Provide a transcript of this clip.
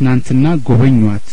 ትናንትና ጎበኟት።